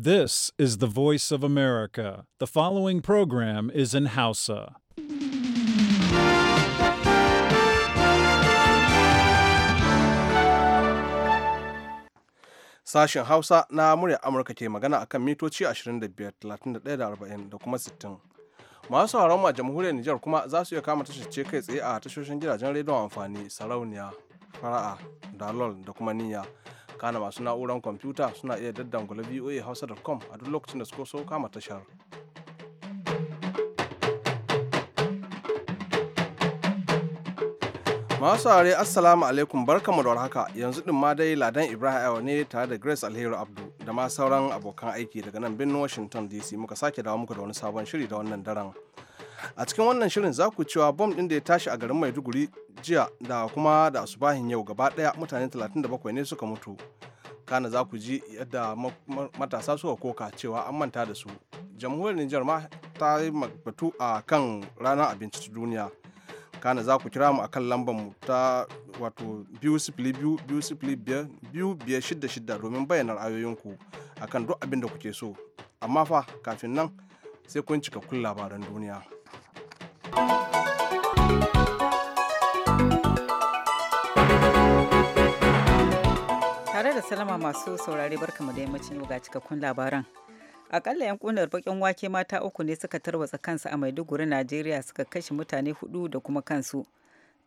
This is the voice of America. The following program is in Hausa. Sashen Hausa na murya Amurka ke magana akan mitoci 25, 31, da kuma 60. Masu sauraron a jamhuriyar Nijar kuma za su iya kama tashar kai tsaye a tashoshin gidajen rediyon amfani, sarauniya, fara'a, dalol da kuma niyya. kana masu na'urar kwamfuta suna iya daddangula voa hausa.com a duk lokacin da suka so kama tashar masu are assalamu alaikum barkamu da warhaka yanzu din ma dai ladan ibrahim awa ne tare da grace alheri abdu da ma sauran abokan aiki daga nan birnin washington dc muka sake dawo muku da wani sabon shiri da wannan daren a cikin wannan shirin za ku cewa bom ɗin da ya tashi a garin maiduguri jiya da kuma da asubahin yau gaba ɗaya mutane 37 ne suka mutu kana za ku ji yadda matasa suka koka cewa an manta da su jamhuriyar nijar ma ta yi batu a kan ranar abinci ta duniya kana za ku kira mu akan lambar mu ta wato biyu sifili biyu biyu sifili biyu biyar shidda shidda domin bayyana ra'ayoyinku akan duk abin da kuke so amma fa kafin nan sai kun cika kun labaran duniya. Tare da salama masu saurare mu da yammacin yau ga cikakkun labaran. Akalla 'yan kunar bakin wake mata uku ne suka tarwatsa kansu a Maiduguri, Najeriya suka kashe mutane hudu da kuma kansu.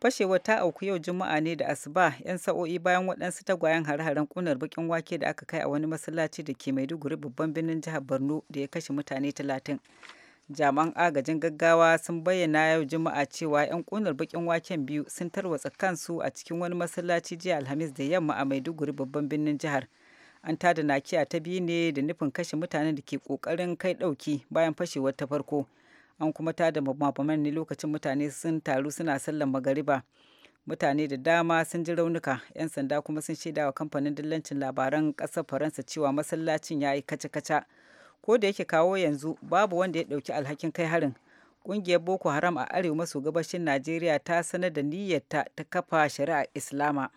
Fashewar ta auku yau Juma'a ne da Asuba 'yan sa'o'i bayan waɗansu tagwayen hare-haren kunar bakin wake da aka kai a wani masallaci da ke Maiduguri babban birnin jihar Borno da ya kashe mutane talatin. jami'an agajin gaggawa sun bayyana yau juma'a cewa 'yan kunar bakin waken biyu sun tarwatsa kansu a cikin wani masallaci jiya alhamis da yamma a maiduguri babban birnin jihar an tada nakiya ta biyu ne da nufin kashe mutanen da ke kokarin kai dauki bayan fashewar ta farko an kuma tada mabamman ne lokacin mutane sun taru suna sallan magariba mutane da dama sun ji raunuka 'yan sanda kuma sun shaidawa kamfanin dillancin labaran ƙasar faransa cewa masallacin ya yi kaca-kaca ko da yake kawo yanzu babu wanda ya ɗauki alhakin kai harin ƙungiyar boko haram a arewa maso gabashin najeriya ta sanar da niyyarta ta kafa shari'a islama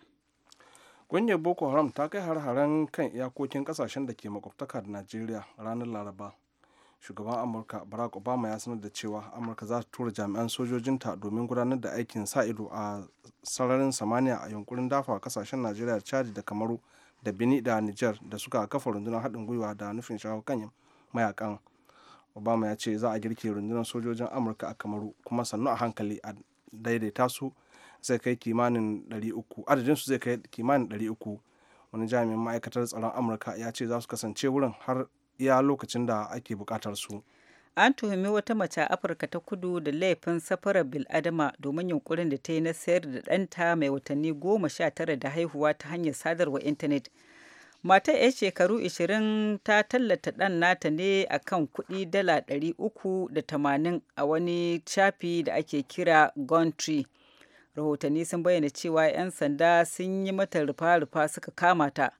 ƙungiyar boko haram ta kai har-haren kan iyakokin ƙasashen da ke makwabtaka da najeriya ranar laraba shugaban amurka barack obama ya sanar da cewa amurka za ta tura jami'an sojojinta domin gudanar da aikin sa ido a sararin samaniya a yunkurin dafa kasashen najeriya chad da kamaru da bini da niger da suka kafa rundunar haɗin gwiwa da nufin shawo kan mayakan obama ya ce za a girke rundunar sojojin amurka a kamaru kuma sannu a hankali a daidaita su zai kai kimanin 300 adadinsu su zai kai kimanin 300 wani jami'in ma'aikatar tsaron amurka ya ce za su kasance wurin har ya lokacin da ake bukatar su an tuhumi wata mace afirka ta kudu da laifin safarar adama domin yunkurin da ta yi na sayar da ɗanta mai watanni goma sha tara da haihuwa ta hanyar sadarwa intanet matar 'yar shekaru 20 ta tallata ɗan nata ne a kan kuɗi dala 380 a wani shafi da ake kira gontri Rahotanni sun bayyana cewa 'yan sanda sun yi mata rufa-rufa suka kama ta.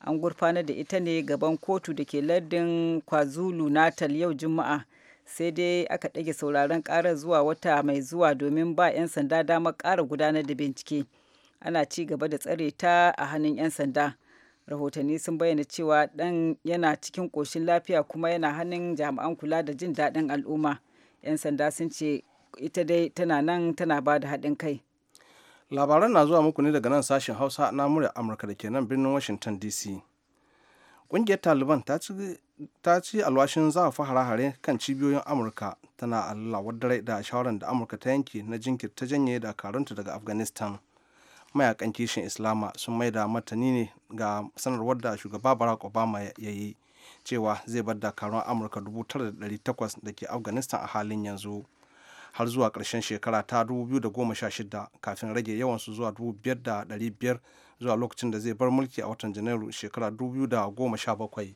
An gurfanar da ita ne gaban kotu da ke lardin KwaZulu Natal yau Juma'a. Sai dai aka ɗage sauraron ƙarar zuwa wata mai zuwa domin ba 'yan sanda damar ƙara gudanar da bincike. Ana ci gaba da tsare ta a hannun 'yan sanda. rahotanni sun bayyana cewa ɗan yana cikin ƙoshin lafiya kuma yana hannun jami'an kula da jin daɗin al'umma 'yan sanda sun ce ita dai tana nan tana ba da haɗin kai labaran na zuwa muku ne daga nan sashen hausa na murya amurka da ke nan birnin washington dc ƙungiyar taliban ta ci alwashin zafafa hare-hare kan cibiyoyin amurka tana allawar dare da shawarar da amurka ta yanke na jinkirta janye dakarunta daga afghanistan mayakan kishin islama sun da martani ne ga sanarwar da shugaba barack obama ya yi cewa zai bar dakarun amurka 9,800 da ke afghanistan a halin yanzu har zuwa ƙarshen shekara ta 2016 kafin rage yawansu zuwa 5,500 zuwa lokacin da zai bar mulki a watan janairu shekara 2017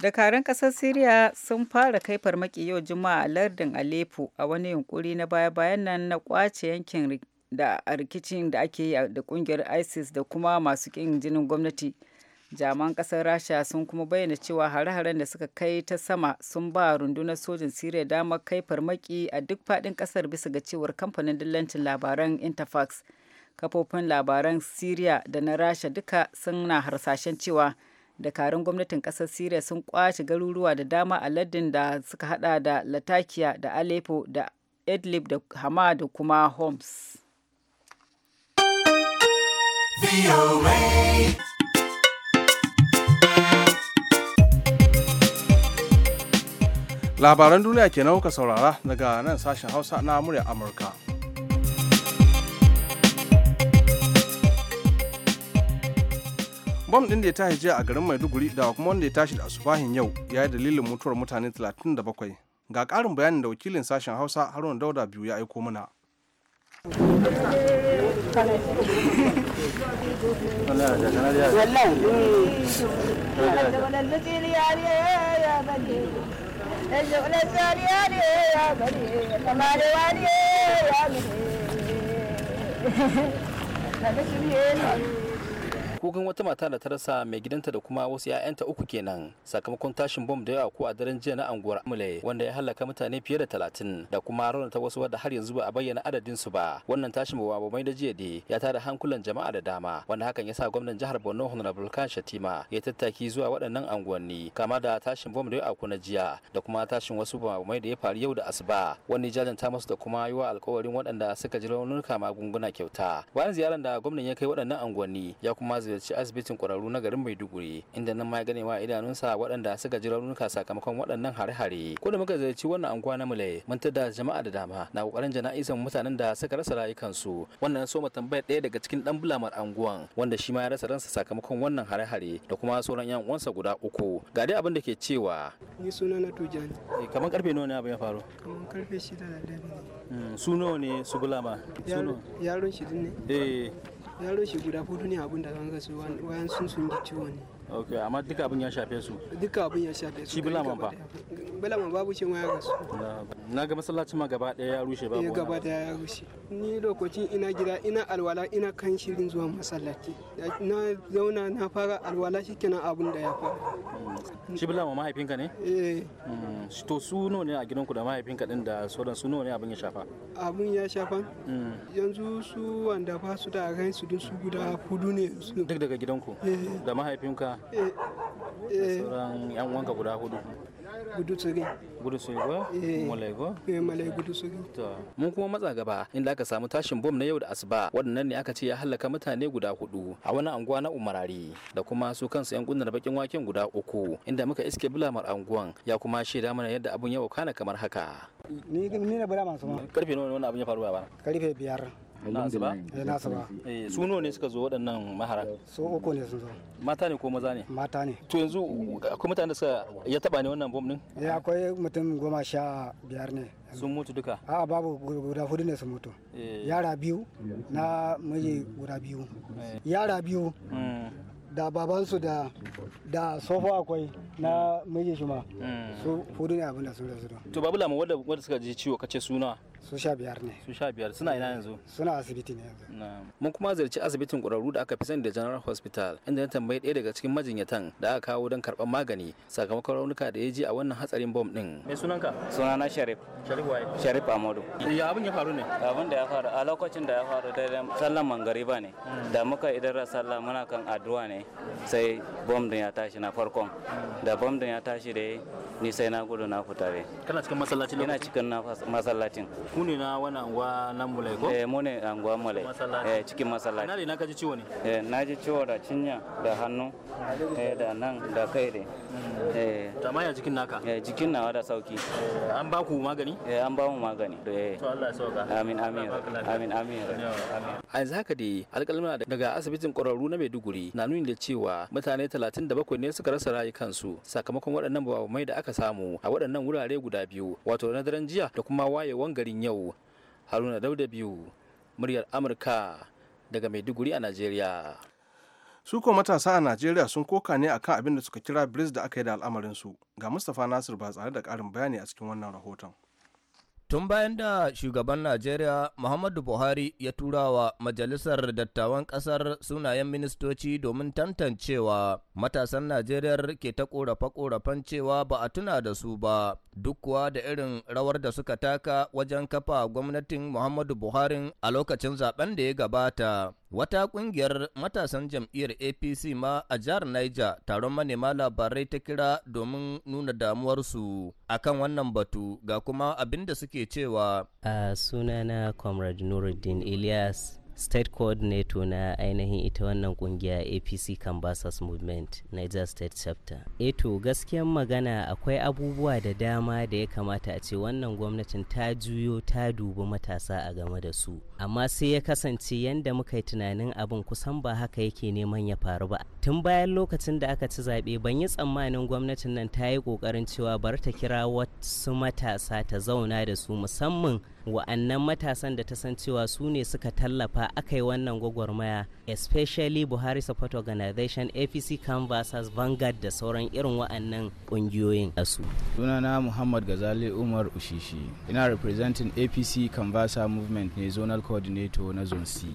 dakaran ƙasar Siriya sun fara kai farmaki yau Juma'a a lardin Aleppo a wani yunkuri na baya-bayan nan na kwace yankin da a rikicin da ake yi da kungiyar ISIS da kuma masu ƙin jinin gwamnati. Jaman ƙasar Rasha sun kuma bayyana cewa hare-haren da suka kai ta sama sun ba rundunar sojin Siriya damar kai farmaki a duk faɗin ƙasar bisa ga cewar kamfanin dillancin labaran Interfax. Kafofin labaran Siriya da na Rasha duka suna harsashen cewa dakarun gwamnatin kasar syria sun kwace garuruwa da dama a lardin da suka hada da latakia da aleppo da idlib da hama da kuma homs labaran duniya kenan kuka saurara daga nan sashen hausa na murya amurka bom din da ya tashi jiya a garin maiduguri da kuma wanda ya tashi da asubahin yau ya yi dalilin mutuwar mutane 37 ga ƙarin bayanin da wakilin sashen hausa haruna dauda biyu ya aiko mana Thank you. kukan wata mata da ta rasa mai gidanta da kuma wasu 'ya'yanta uku kenan sakamakon tashin bom da yawa ko a daren jiya na anguwar amule wanda ya halaka mutane fiye da talatin da kuma raunata wasu wadda har yanzu ba a bayyana adadin su ba wannan tashin babu-abu-mai da jiya ne ya tada hankulan jama'a da dama wanda hakan ya sa gwamnan jihar borno honorable kan shatima ya tattaki zuwa waɗannan anguwanni kama da tashin bom da ya na jiya da kuma tashin wasu babu-abu-mai da ya faru yau da asuba wani jajanta masu da kuma yi wa alkawarin waɗanda suka ji raunuka magunguna kyauta bayan ziyarar da gwamnan ya kai waɗannan anguwanni ya kuma ziyarci asibitin kwararru na garin Maiduguri inda nan ma ya gane wa idanunsa waɗanda suka ji raunuka sakamakon waɗannan hare-hare. Ko da muka ziyarci wannan anguwa na mulai mun da jama'a da dama na kokarin jana'izan mutanen da suka rasa rayukansu. Wannan so mu tambayar ɗaya daga cikin dan bulamar anguwan wanda shi ma ya rasa ransa sakamakon wannan hare-hare da kuma sauran yan uwansa guda uku. Ga dai abin da ke cewa ni suna na Tujani. Eh, kamar karfe nawa ne abin ya faru? Kamar karfe 6 da rabi ne. Hmm, su nawa ne su bulama? Yaron shi ne. Eh yaro shi guda hudu ne abin da kan su wayan sun sun ji ciwo ne ok amma duka abin ya shafe su duka abin ya shafe su shi bilaman ba bilaman babu ce ya rasu na ga masallacin ma gaba daya ya rushe babu eh, gaba daya ya rushe ni lokacin ina gida ina alwala ina kan shirin zuwa masallaci na zauna na fara alwala kenan abin da ya fara hmm. shi bilaman mahaifinka ne eh hmm. to su nawa ne a gidanku da mahaifinka din da sauran su nawa ne abin ya shafa abin ya shafa hmm. yanzu su wanda ba su da rai su din su guda hudu ne duk daga gidanku eh. da mahaifinka Eh, eh. sauran yan wanka guda hudu gudu tsuri gudu tsuri ko mulai ko eh mulai eh, gudu tsuri to mun kuma matsa gaba inda aka samu tashin bom na yau da asuba waɗannan ne aka ce ya halaka mutane guda hudu a wani anguwa na umarari da kuma su kansu yan kunnar bakin waken guda uku inda muka iske bulamar anguwan ya kuma shaida mana yadda abun ya wakana kamar haka ni ni na bura masu karfe nawa ne wannan abun ya faru ba karfe biyar suno eh, eh, ne suka zo waɗannan mahara so uku ne sun zo mata ne ko maza ne mata ne to yanzu akwai mutane da suka ya taba ne wannan bom din eh akwai mutum goma sha biyar ne sun mutu duka a babu guda hudu ne sun mutu eh. yara biyu na miji guda biyu yara biyu hmm. da babansu da da sofa akwai na miji shi ma hmm. su hudu ne abin da sun rasu to babu lamu wanda suka ji ciwo kace suna su sha biyar ne su sha biyar suna ina yanzu suna asibiti ne yanzu mun kuma ziyarci asibitin ƙwararru da aka fi sani da general hospital inda na tambayi ɗaya daga cikin majinyatan da aka kawo don karɓar magani sakamakon raunuka da ya ji a wannan hatsarin bom ɗin me sunanka sunana sharif sharif waye sharif amadu ya abin ya faru ne abin da ya faru a lokacin da ya faru da sallan mangariba ne hmm. da muka idan da sallah muna kan addu'a ne sai bom din ya tashi na farkon hmm. da bom din ya tashi da ni sai na gudu na fita kana cikin masallacin ina cikin masallacin ku na wani anguwa na mulai ko eh mu ne anguwa mulai eh cikin masallaci na ne na kaji ciwo ne eh na ji ciwo da cinya da hannu eh da nan da kai ne mm. eh amma ya jikin naka eh jikin nawa da sauki eh, an ba ku magani eh an ba mu magani eh to Allah ya sauka amin amin amin amin a yanzu haka dai alƙalma daga asibitin ƙwararru na Maiduguri na nuni da cewa mutane 37 ne suka rasa rayukansu sakamakon waɗannan mai da aka samu a waɗannan wurare guda biyu wato na daren jiya da kuma wayewan garin yau haruna dauda biyu muryar amurka daga maiduguri a najeriya su matasa a najeriya sun koka ne akan abin da suka kira bris da aka yi da al'amarin su ga mustapha nasir ba tsare da karin bayani a cikin wannan rahoton tun bayan da shugaban najeriya muhammadu buhari ya tura wa majalisar dattawan kasar sunayen ministoci domin tantancewa matasan Najeriya ke ta ƙorafe-ƙorafen cewa ba a tuna da su ba, duk kuwa da irin rawar da suka taka wajen kafa gwamnatin Muhammadu Buhari a lokacin zaben da ya gabata. Wata ƙungiyar matasan jam'iyyar APC ma a jihar Niger taron manema labarai ta kira domin nuna damuwarsu A kan wannan batu ga kuma abin da suke cewa. A sunana Comrade Nuruddin Ilyas state coordinator na ainihin ita wannan kungiya apc canvassers movement niger state chapter eto eh gaskiyan magana akwai abubuwa da dama da ya kamata a ce wannan gwamnatin ta juyo ta dubi matasa a game da su amma sai ya kasance yadda muka yi tunanin abin kusan ba haka yake neman ya faru ba tun bayan lokacin da aka ci zaɓe ban yi tsammanin gwamnatin nan ta yi ƙoƙarin cewa bar ta kira wasu matasa ta zauna da su musamman wa'annan matasan da ta san cewa su ne suka tallafa aka yi wannan gwagwarmaya especially buhari support organization apc canvassers vanguard da sauran irin wa'annan ƙungiyoyin asu sunana muhammad gazali umar ushishi ina representing apc canvasser movement ne zonal coordinator na zone c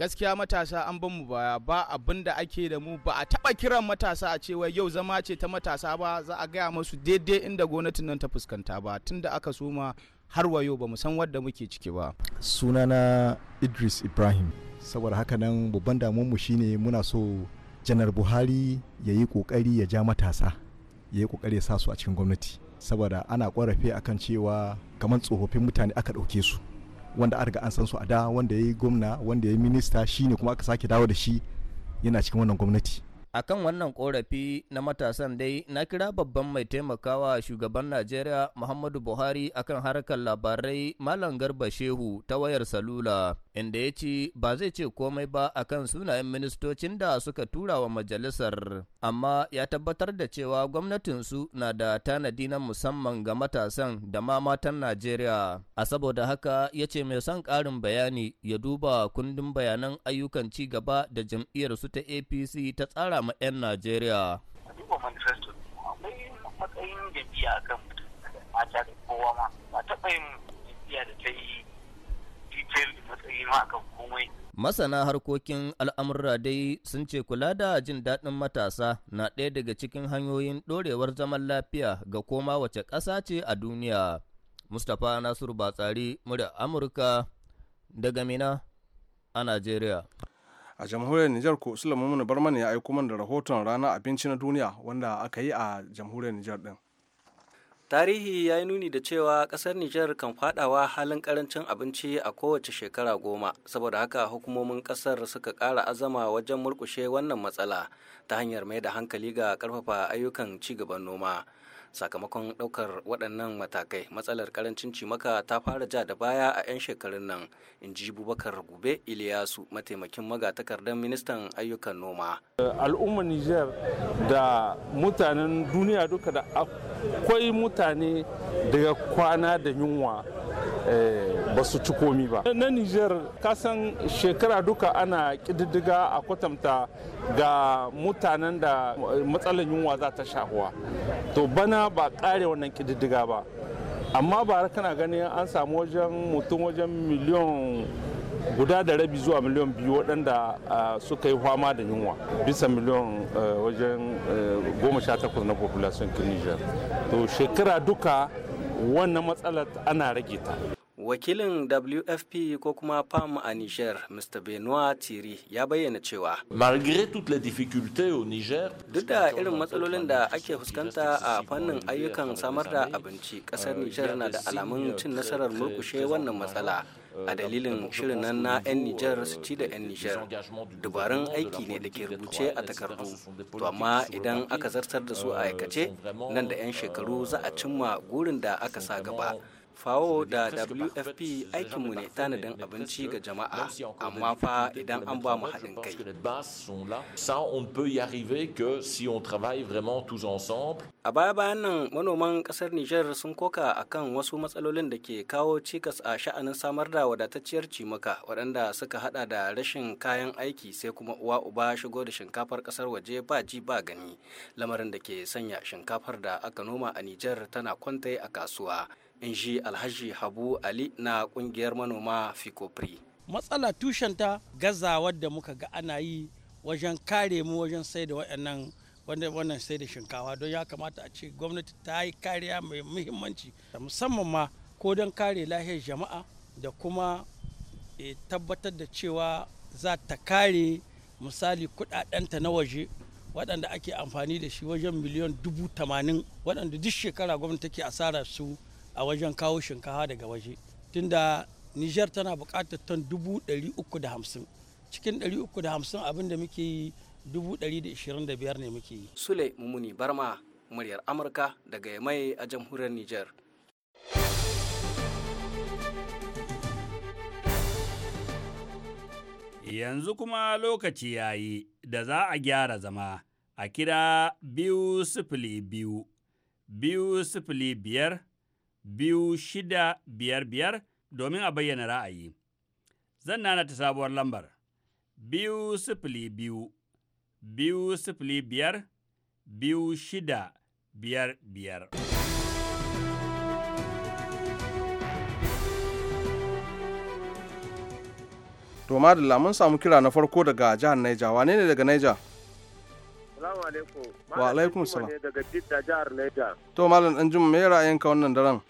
gaskiya matasa an ban mu baya ba abin da ake da mu ba a taba kiran matasa a cewa yau zama ce ta matasa ba za a gaya masu daidai inda gwamnatin nan ta fuskanta ba tunda aka suma har wayo ba mu san wadda muke ciki ba sunana idris ibrahim saboda haka nan babban mu shine muna so janar buhari ya yi kokari ya ja matasa ya yi kokari ya sa su a cikin gwamnati saboda ana korafe akan cewa kamar tsofaffin mutane aka ɗauke su wanda a riga an san su a da wanda ya yi gwamna wanda ya yi minista shine kuma aka sake dawo da shi yana cikin wannan gwamnati Akan wannan korafi na matasan dai na kira babban mai taimakawa shugaban Najeriya Muhammadu Buhari akan harkar labarai Malam Garba Shehu ta wayar salula inda ya ce ba zai ce komai ba akan sunayen ministocin da suka tura wa majalisar amma ya tabbatar da cewa gwamnatinsu na da tanadi na musamman ga matasan da ma matan Najeriya. A saboda haka ya ce mai son karin bayani ya duba kundin bayanan ayyukan ci gaba da jam'iyyarsu ta APC ta tsara ma 'yan Najeriya? Duba manifesto akwai matsayin jam'iyya kan mata da kowa ma ba taɓa yin jam'iyya da ta yi detail matsayi ma Masana harkokin al'amurra dai sun ce kula da jin daɗin matasa na ɗaya daga cikin hanyoyin ɗorewar zaman lafiya ga koma wace ƙasa ce a duniya. Mustapha Nasiru Batsari, murya Amurka daga Mina a Najeriya. a jamhuriyar Nijar ko Sulaiman Barman ya aiko mana da rahoton ranar abinci na duniya wanda aka yi a jamhuriyar Nijar din. Tarihi ya yi nuni da cewa ƙasar Nijar kan fadawa halin ƙarancin abinci a kowace shekara goma, saboda haka hukumomin ƙasar suka ƙara azama wajen murƙushe wannan matsala ta hanyar mai da hankali ga ƙarfafa ayyukan ci gaban noma. sakamakon ɗaukar waɗannan matakai matsalar karancin cimaka ta fara ja da baya a 'yan shekarun nan in ji bubakar gube iliyasu mataimakin magatakardar ministan ayyukan noma al'ummar niger da mutanen duniya duka da akwai mutane daga kwana da yunwa eh, ba su ci komi ba na niger kasan shekara duka ana kididdiga a kwatanta ga mutanen da matsalar yunwa za ta shahuwa to bana ba kare wannan kididdiga ba amma bara kana gani an samu wajen mutum wajen miliyon guda da rabi zuwa miliyan biyu waɗanda suka yi fama da yunwa bisa miliyan wajen goma sha takwas na population niger to shekara duka wannan matsalar ana rage ta wakilin wfp ko kuma pam a niger mr benoit tiri ya bayyana cewa niger. duk da irin matsalolin da ake fuskanta a fannin ayyukan samar da abinci kasar niger na da alamun cin nasarar murkushe wannan matsala a dalilin shirin nan na 'yan Nijar su ci da 'yan Nijar dubarun aiki ne da ke rubuce a takardu to amma idan aka zartar da su a aikace nan da 'yan shekaru za a cimma gurin da aka sa gaba fawo da wfp aikinmu ne tanadin abinci ga jama'a amma fa idan an ba mu haɗin kai a baya bayan nan manoman kasar niger sun koka akan wasu matsalolin da ke kawo cikas a sha'anin samar da wadatacciyar cimaka waɗanda suka hada da rashin kayan aiki sai kuma uwa uba shigo da shinkafar kasar waje ba ji ba gani lamarin da ke sanya shinkafar da aka noma a niger tana kwantai a kasuwa in ji alhaji habu ali na kungiyar manoma fikopri matsala tushenta gazawar da muka ga ana yi wajen kare mu wajen sai da waɗannan wannan sai da shinkawa don ya kamata a ce gwamnati ta yi kariya mai muhimmanci musamman ma ko don kare lahiyar jama'a da kuma eh, tabbatar da cewa za ta kare misali kudadenta na waje waɗanda ake amfani da shi wajen miliyan dubu tamanin waɗanda duk shekara gwamnati take asara su a wajen kawo shinkafa daga waje tunda niger tana bukatar ton 350 cikin 350 abin da muke yi 125 ne muke yi sule mumuni barma muryar amurka daga yamai a jamhuriyar niger yanzu kuma lokaci ya yi da za a gyara zama a kira biyu sifili biyu biyu sifili biyar biyu shida biyar biyar domin a bayyana ra'ayi. Zan nana ta sabuwar lambar biyu sifili biyu, biyu sifili biyar, biyu shida biyar biyar. To da mun samu kira na farko daga jihar Naija, wane ne daga Naija? alaikum. Wa alaikum salam. daga Jidda jihar Niger. To Malam Danjuma me wannan daren?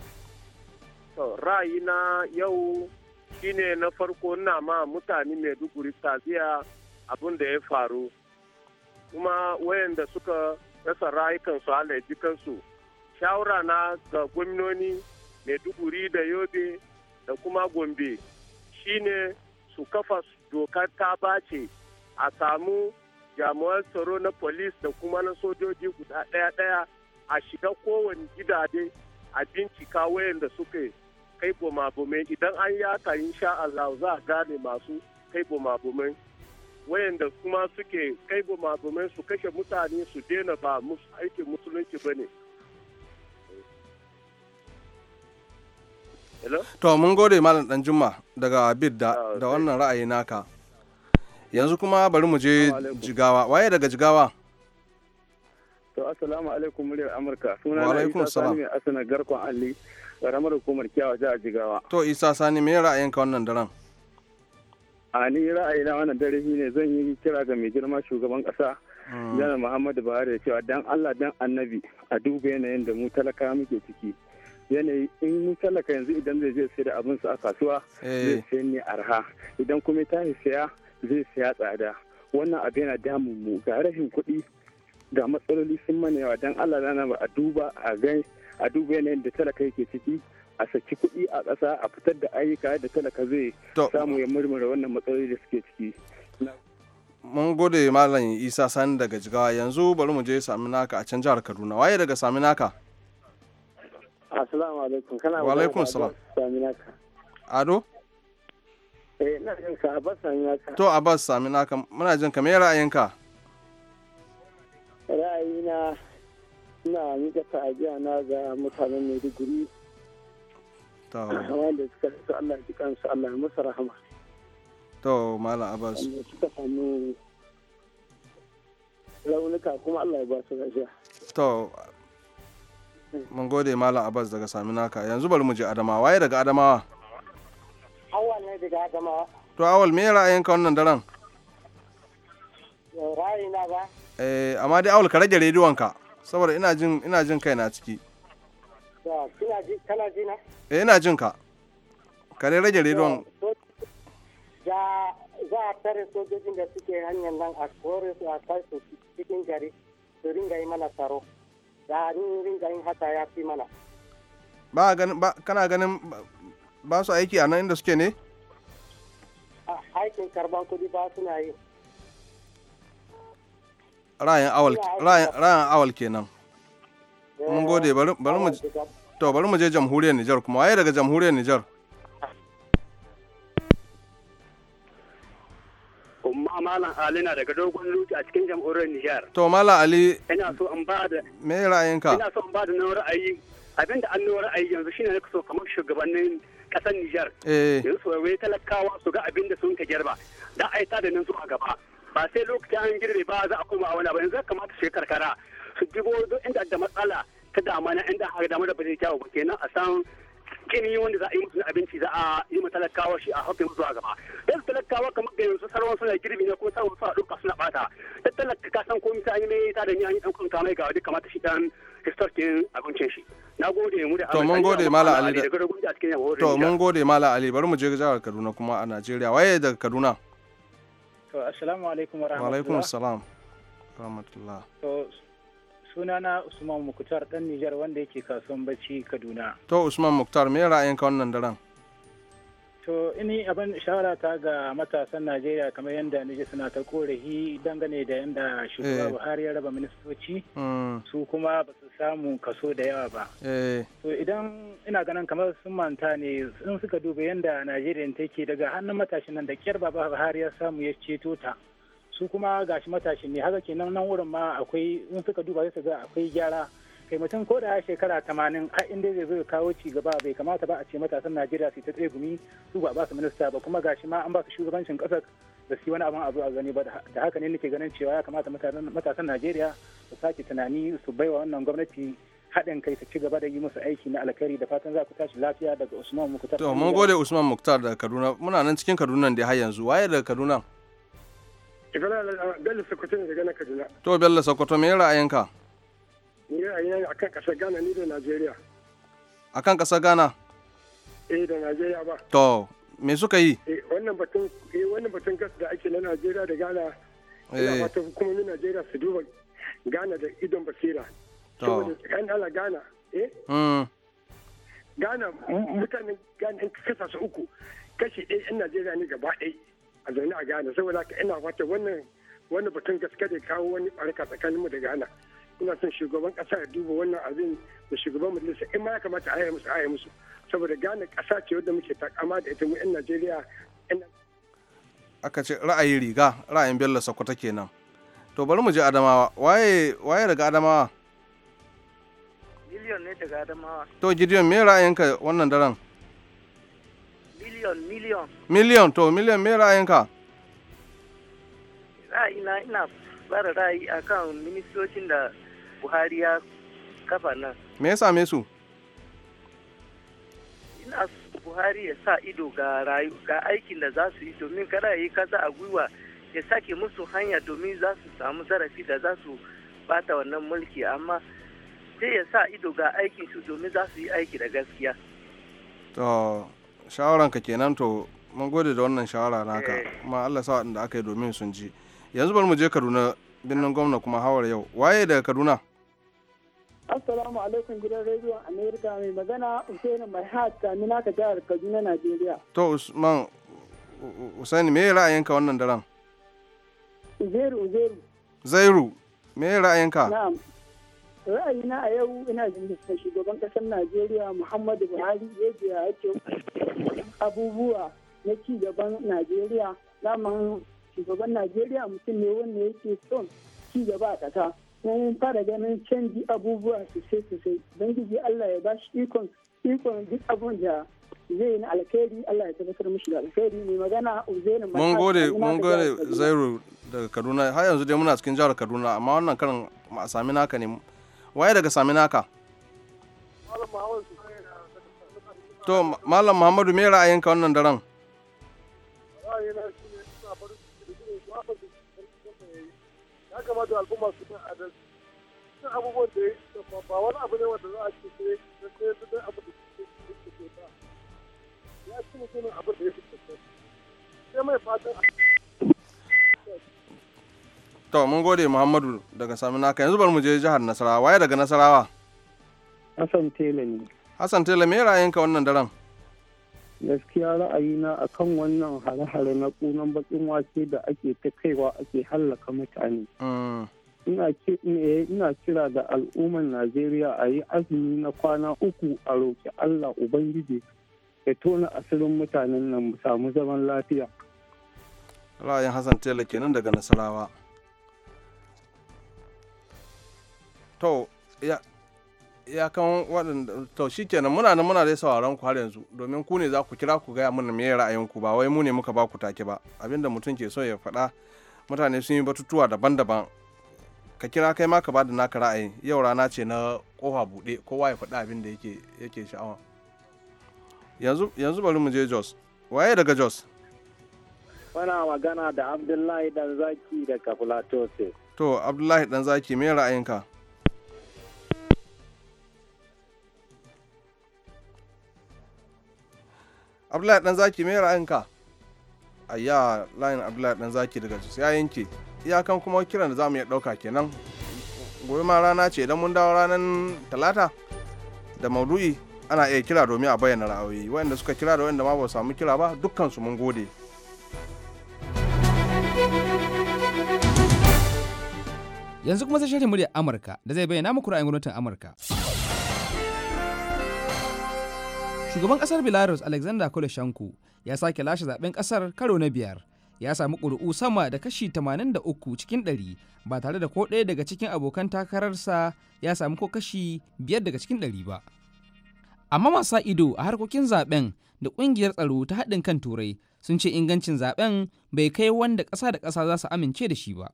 To na yau shine na farko na ma mutane mai Maiduguri tafiya abin da ya faru. Kuma wayanda suka rasa rayukansu Allah ji kansu. Shawara na ga gwamnoni Maiduguri da Yobe da kuma Gombe shine su kafa dokar ta bace a samu jami'an tsaro na polis da kuma na sojoji guda ɗaya-ɗaya a shiga kowane gidaje a bincika wayanda suke kai bumabumai idan an yaka yin Allah za a gane masu kai bumabumai wayanda kuma suke kai bumabumai su kashe mutane su daina ba musu aikin musulunci ba ne. To mun gode Malam Danjuma daga Abid da ah, wannan ra'ayi naka. yanzu kuma bari mu je jigawa waye daga jigawa to assalamu alaikum muryar amurka suna na isa sani mai asana garkon alli karamar hukumar kyawa jihar jigawa to isa sani me ka wannan daren a ni ra'ayi na wannan dare shi ne zan yi kira ga mai girma shugaban kasa hmm. janar muhammadu buhari da cewa dan allah dan annabi a duba yanayin da mu talaka muke ciki yanayi in mu talaka yanzu idan zai je sai da abin su a kasuwa eh. zai sai ne arha idan kuma ta saya zai saya tsada wannan abu yana damun mu ga rashin kuɗi ga matsaloli sun mana yawa don allah na ba a duba a gan a duba yanayin da talaka yake ciki a saki kuɗi a ƙasa a fitar da ayyuka da talaka zai samu ya murmura wannan matsaloli da suke ciki mun gode malam isa san daga jigawa yanzu bari mu je sami naka a can jihar kaduna waye daga sami naka assalamu alaikum kana wa alaikum assalam sami naka ado to eh, a bas sami naka. To Abbas sami naka muna jin ka me ra'ayinka? Ra'ayina ina miƙa ta'ajiya na ga mutanen Maiduguri. To. Wanda suka rasu Allah ji kansu Allah ya musu rahama. To Malam Abbas. Wanda suka samu raunuka kuma Allah ya ba su Ta To mun gode Malam Abbas daga sami naka yanzu bari mu je Adamawa waye daga Adamawa. ne daga To awal me ra'ayin ka wannan daren? Eh, Ra'ayi na ba. Eh amma dai awal ka rage rediyon ka saboda ina jin ina jin kai na ciki. Kina ji kana ji na? Eh ina jin ka. Ka dai rage rediyon. Za za a tare sojojin da suke hanyar nan a kore su a kai su cikin gari su ringa yi mana tsaro. Da ni ringa yin haka ya fi mana. Ba ganin ba kana ganin ba su aiki a nan inda suke ne? aikin karban kudi ba suna yi rayan awal kenan eh, mun gode bari mu to bari mu je jamhuriyar Nijar kuma waye daga jamhuriyar Nijar Umma Malam Ali na daga dogon lokaci a cikin jamhuriyar Nijar to Malam Ali ina so in ba da me ra'ayinka ina so in ba da na ra'ayi abinda an ra'ayi yanzu shine ka so kamar shugabannin kasar Nijar. Yin eh. su talakawa su ga abin da sun ka girba. Da a yi ta da nan zuwa gaba. Ba sai lokacin an girbe ba za a koma a wani ba yanzu kamata shi karkara. Su jibo duk inda da matsala ta dama na inda haka dama da ba zai kyawu ba kenan a san kini wanda za a yi musu abinci za a yi ma talakawa shi a hafi zuwa gaba dan talakawa kamar da yanzu sarwan suna girbi ne ko sarwan suna ɗauka suna ɓata. Tattalin talaka ka san komai sai an yi mai ta da ni an yi dan kwanta mai ga wani kamata shi dan ministar ɗin abincin shi na gode mu da to mun gode mala ali da to mun gode mala ali bari mu je jihar kaduna kuma a najeriya waye daga kaduna to assalamu alaikum wa rahmatullah wa alaikum assalam rahmatullah to sunana usman muktar dan nijar wanda yake kasuwan bacci kaduna to usman muktar me ra'ayinka wannan daren to ini abin shawara ta ga matasan najeriya kamar yadda niger suna ta korafi dangane da yadda shugaba eh. buhari ya raba ministoci mm. su kuma ba su samu kaso da yawa ba. Eh. To idan ina ganin kamar sun manta ne sun suka duba yadda Najeriya take daga hannun matashin nan da kyar baba har ya samu ya ceto ta. Su kuma gashi matashin ne haka kenan nan wurin ma akwai in suka duba sai ga akwai gyara. kai mutum ko da shekara tamanin har inda zai zo kawo ci gaba bai kamata ba a ce matasan najeriya su ta tsaye gumi su ba su minista ba kuma gashi ma an ba su shugabancin kasa da su wani abin a zo a gani ba da haka ne nake ganin cewa ya kamata matasan najeriya su sake tunani su baiwa wannan gwamnati haɗin kai su ci gaba da yi musu aiki na alkhairi da fatan za ku tashi lafiya daga Usman Muktar. To mun gode Usman Muktar daga Kaduna muna nan cikin Kaduna da har yanzu waye daga Kaduna? Ibrahim Bello Sokoto ne daga na Kaduna. To Bello Sokoto me ra'ayinka? a kan akan kasar Ghana ne da nigeria akan Ghana eh da ba to me suka yi eh, wannan batun eh, wannan batun gas da ake na nigeria da Ghana eh wato hukumomin nigeria su duba Ghana da idon basira to kan ala Ghana eh mm Ghana mutanen Ghana in kasa su uku kashi ɗaya 'yan nigeria ne gaba ɗaya a zaune a Ghana saboda haka ina fata wannan wannan batun gaske da kawo wani ɓarka tsakaninmu da Ghana. ina son shugaban kasa ya duba wannan abin da shugaban majalisa in ma ya kamata a yi musu a musu saboda gane kasa ce wadda muke takama da ita mu 'yan najeriya aka ce ra'ayi riga ra'ayin bello sakwata kenan to bari mu je adamawa waye waye daga adamawa miliyon ne daga adamawa to gideon me ra'ayinka wannan daren miliyon miliyon miliyon to miliyon me ra'ayinka ra'ayina ina fara ra'ayi akan ministocin da buhari ya kafa nan me ya same su ina buhari ya sa ido ga ga aikin da za su yi domin kada ya yi kasa a gwiwa ya sake musu hanya domin za su samu zarafi da za su bata wannan mulki amma sai ya sa ido ga aikin su domin za su yi aiki da gaskiya to shawaranka kenan to mun gode da wannan shawara naka eh. kuma Allah sa da aka yi domin sun ji yanzu bari mu je Kaduna birnin gwamna kuma hawar yau waye daga Kaduna Assalamu alaikum gidan rediyon Amerika mai magana Usaini mai hata ni naka jihar Kaduna Najeriya. To Usman Usaini me ra'ayinka wannan daren? Zairu Zairu. Zairu me ra'ayinka? Na'am. Ra'ayina a yau ina jin shugaban kasar Najeriya Muhammadu Buhari ya je ya ce abubuwa na ci gaban Najeriya. Daman shugaban Najeriya mutum ne wanda yake son ci gaba a ƙasa. mun fara ganin canji abubuwa sosai sosai don ubangiji allah ya bashi ikon ikon duk abun da zai na alkhairi allah ya tabbatar mishi da alkhairi mai magana uzenin mun gode mun gode zairu daga kaduna har yanzu dai muna cikin jihar kaduna amma wannan karin a sami naka ne waye daga sami naka to malam muhammadu me ra'ayinka wannan daren kamata al'umma su kan adalci cikin abubuwan da ya ba wani abu ne wanda za a ce sai da sai da abu da ke ke ta ya ci mutumin abu da ya fi sai mai fatan To mun gode Muhammadu daga Saminaka yanzu bar mu je jihar Nasarawa waye daga Nasarawa Hassan Tela ne Hassan Tela me ra'ayinka wannan daren gaskiya ra'ayina a kan wannan hare-hare na kunan bakin wake da ake ta kaiwa ake hallaka mutane mm. ina kira da al'ummar najeriya a yi azumi na kwana uku a roƙi allah ubangiji ya tona asirin mutanen nan mu samu zaman lafiya ra'ayin hassan tela kenan daga nasarawa ya kan waɗanda to shi kenan muna nan muna dai sauraron ku har yanzu domin ku ne za ku kira ku gaya mana me ra'ayinku ba wai mu ne muka ba ku take ba abinda mutum ke so ya faɗa mutane sun yi batutuwa daban-daban ka kira kai ma ka ba da naka ra'ayi yau rana ce na kofa buɗe kowa ya faɗa abin da yake yake sha'awa yanzu yanzu bari mu je Jos waye daga Jos Wana magana da Abdullahi zaki daga Plateau To Abdullahi zaki me ra'ayinka abdullahi dan zaki me ra'ayinka ayya layin abdullahi dan zaki daga su ya yanke iyakan kuma kiran da zamu iya dauka kenan gobe ma rana ce idan mun dawo ranar talata da maudu'i ana iya kira domin a bayyana ra'ayoyi waɗanda suka kira da waɗanda ma ba samu kira ba dukkan su mun gode yanzu kuma sai shirin murya amurka da zai bayyana muku ra'ayin gwamnatin amurka Shugaban kasar Belarus Alexander Koloshenko ya sake lashe zaben kasar karo na biyar. Ya samu ƙuri'u sama da kashi tamanin da uku cikin 100 ba tare da ko ɗaya daga cikin abokan takararsa ya samu ko kashi biyar daga cikin 100 ba. Amma masu ido a harkokin zaben da ƙungiyar tsaro ta haɗin kan Turai sun ce ingancin zaben bai kai wanda ƙasa da ƙasa za su amince da shi ba.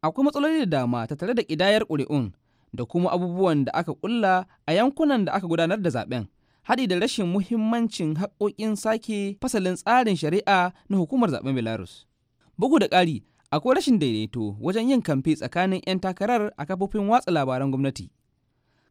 Akwai matsaloli da dama tattare da ƙidayar ƙuri'un da kuma abubuwan da aka ƙulla a yankunan da aka gudanar da zaben. haɗi da rashin muhimmancin haƙoƙin sake fasalin tsarin shari'a na hukumar zaben belarus bugu da ƙari akwai rashin daidaito wajen yin kamfe tsakanin 'yan takarar a kafofin watsa labaran gwamnati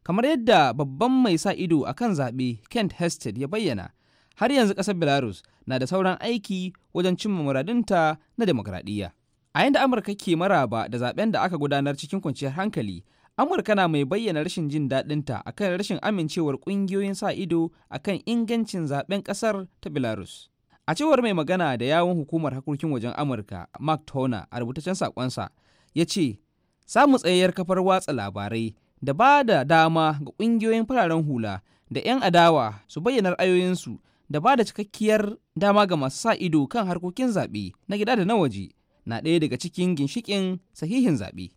kamar yadda babban mai sa ido a kan zaɓe kent hested ya bayyana har yanzu ƙasar belarus na da sauran aiki wajen cimma muradinta na demokradiyya a yadda amurka ke maraba da zaɓen da aka gudanar cikin kwanciyar hankali amurka na mai bayyana rashin jin daɗinta kan rashin amincewar ƙungiyoyin sa ido a kan ingancin zaben ƙasar ta belarus a cewar mai magana da yawon hukumar harkokin wajen amurka mark Turner, a rubutaccen sakonsa ya ce samu tsayayyar kafar watsa labarai da ba da dama ga ƙungiyoyin fararen hula da 'yan adawa su bayyana ra'ayoyinsu da ba da cikakkiyar dama ga masu sa ido kan harkokin zaɓe na gida da na waje na ɗaya daga cikin ginshikin sahihin zaɓe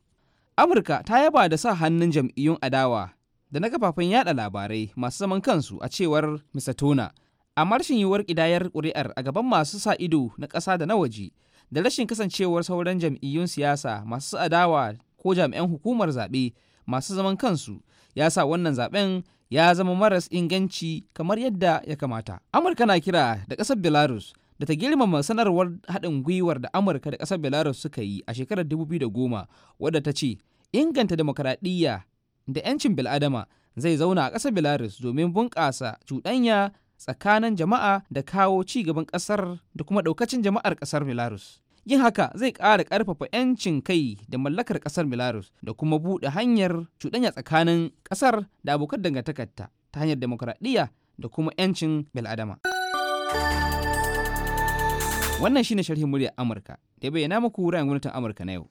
amurka ta yaba da sa hannun jam'iyyun adawa da na kafafen yada labarai masu zaman kansu a cewar misatona amma rashin yiwuwar ƙidayar ƙuri'ar a gaban masu sa ido na ƙasa da na waje da rashin kasancewar sauran jam'iyyun siyasa masu adawa ko jami'an hukumar zaɓe masu zaman kansu ya sa wannan zaɓen ya zama maras inganci kamar yadda ya kamata amurka na kira da ƙasar belarus da ta girmama sanarwar haɗin gwiwar da amurka da ƙasar belarus suka yi a shekarar 2010 wadda ta ce inganta demokaradiyya da 'yancin bil'adama zai zauna a ƙasar belarus domin bunƙasa cuɗanya tsakanin jama'a da kawo ci gaban ƙasar da kuma ɗaukacin jama'ar ƙasar belarus yin haka zai ƙara ƙarfafa 'yancin kai da mallakar ƙasar belarus da kuma buɗe hanyar cuɗanya tsakanin ƙasar da abokan dangantakarta ta hanyar demokaradiyya da kuma 'yancin bil'adama. Wannan shine sharhin muryar Amurka da ya bayyana muku wuraren gwamnatin Amurka na yau.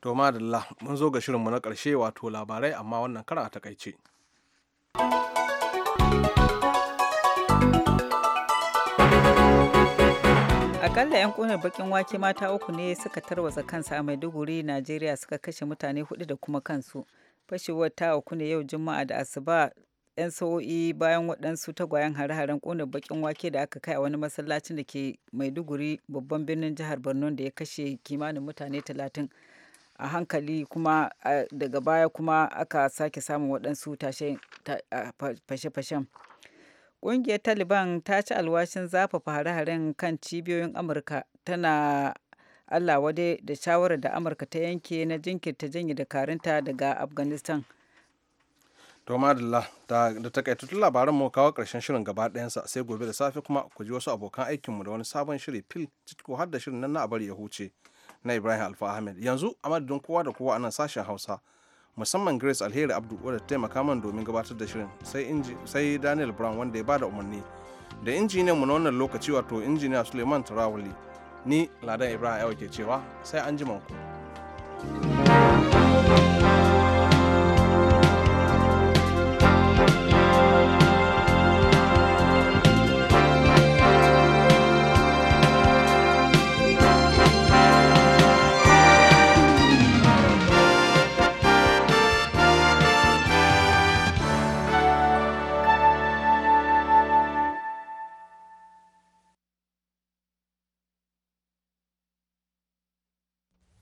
To madalla mun zo ga shirinmu na karshe wato labarai amma wannan kara a takaice. Akalla 'yan ƙunar bakin wake mata uku ne suka tarwatsa kansa a Maiduguri, Najeriya suka kashe mutane hudu da kuma kansu. Fashewar ta uku ne yau Juma'a da Asuba 'yan sa'o'i bayan waɗansu tagwayen hare-haren ƙona bakin wake da aka kai a wani masallacin da ke maiduguri babban birnin jihar borno da ya kashe kimanin mutane 30 a hankali kuma daga baya kuma aka sake samun waɗansu fashe-fashen ƙungiyar taliban ta ci alwashin zafafa hare-haren kan cibiyoyin amurka tana allah wade da shawarar da amurka ta yanke na jinkirta janye dakarunta daga afghanistan to madalla da takaitattun labaran mu kawo karshen shirin gaba ɗayansa sai gobe da safe kuma ku ji wasu abokan aikin mu da wani sabon shiri fil ciki har da shirin nan na bari ya huce na ibrahim alfa ahmed yanzu a madadin kowa da kowa a nan sashen hausa musamman grace alheri abdu wadda ta taimaka man domin gabatar da shirin sai daniel brown wanda ya bada umarni da injiniyan mu na wannan lokaci wato injiniya suleiman turawali ni ladan ibrahim yawa ke cewa sai an ji ku. thank you